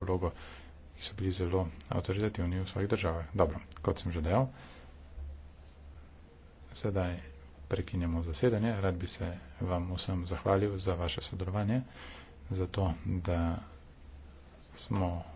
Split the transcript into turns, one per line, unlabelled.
vlogo, ki so bili zelo avtoritativni v svojih državah. Dobro, kot sem že dejal, sedaj prekinjamo zasedanje. Rad bi se vam vsem zahvalil za vaše sodelovanje, za to, da
smo.